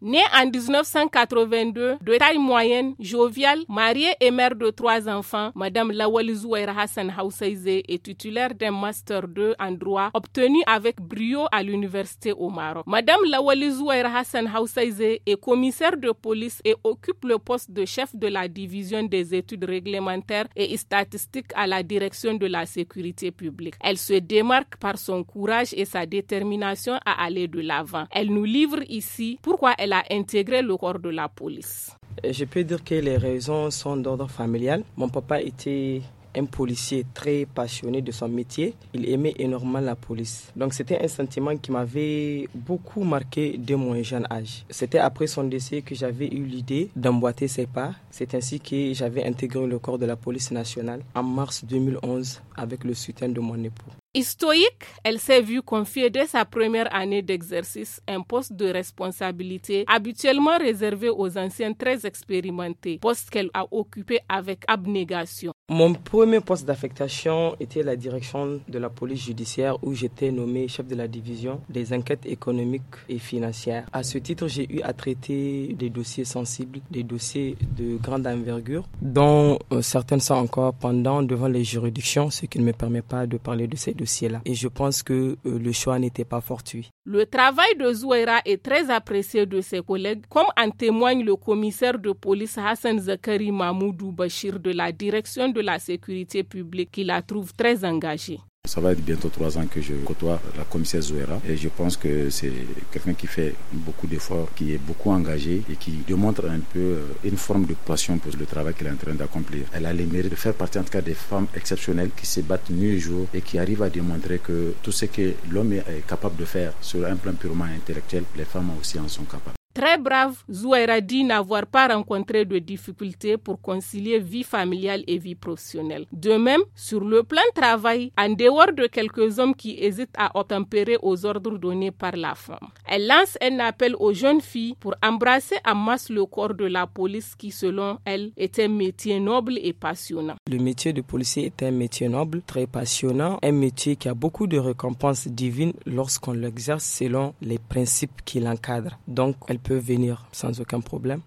Née en 1982, de taille moyenne, joviale, mariée et mère de trois enfants, Madame Lawal Hassan est titulaire d'un Master 2 en droit obtenu avec brio à l'université au Maroc. Madame Lawal Zouaira Hassan est commissaire de police et occupe le poste de chef de la division des études réglementaires et statistiques à la direction de la sécurité publique. Elle se démarque par son courage et sa détermination à aller de l'avant. Elle nous livre ici pourquoi elle elle a intégré le corps de la police euh, Je peux dire que les raisons sont d'ordre familial. Mon papa était un policier très passionné de son métier. Il aimait énormément la police. Donc c'était un sentiment qui m'avait beaucoup marqué dès mon jeune âge. C'était après son décès que j'avais eu l'idée d'emboîter ses pas. C'est ainsi que j'avais intégré le corps de la police nationale en mars 2011 avec le soutien de mon époux. Historique, elle s'est vue confier dès sa première année d'exercice un poste de responsabilité habituellement réservé aux anciens très expérimentés, poste qu'elle a occupé avec abnégation. Mon premier poste d'affectation était la direction de la police judiciaire où j'étais nommé chef de la division des enquêtes économiques et financières. À ce titre, j'ai eu à traiter des dossiers sensibles, des dossiers de grande envergure, dont euh, certaines sont encore pendant devant les juridictions, ce qui ne me permet pas de parler de ces et je pense que euh, le choix n'était pas fortuit. Le travail de Zouera est très apprécié de ses collègues, comme en témoigne le commissaire de police Hassan Zakari Mahmoudou Bachir de la direction de la sécurité publique qui la trouve très engagée. Ça va être bientôt trois ans que je côtoie la commissaire Zouera et je pense que c'est quelqu'un qui fait beaucoup d'efforts, qui est beaucoup engagé et qui démontre un peu euh, une forme de passion pour le travail qu'elle est en train d'accomplir. Elle a le mérite de faire partie en tout cas des femmes exceptionnelles qui se battent nuit et jour et qui arrivent à démontrer que tout ce que l'homme est capable de faire sur un plan purement intellectuel, les femmes aussi en sont capables très brave, Zouaira dit n'avoir pas rencontré de difficultés pour concilier vie familiale et vie professionnelle. De même, sur le plan travail, en dehors de quelques hommes qui hésitent à obtempérer aux ordres donnés par la femme, elle lance un appel aux jeunes filles pour embrasser en masse le corps de la police qui, selon elle, est un métier noble et passionnant. Le métier de policier est un métier noble, très passionnant, un métier qui a beaucoup de récompenses divines lorsqu'on l'exerce selon les principes qui l'encadrent. Donc, elle peut venir sans aucun problème.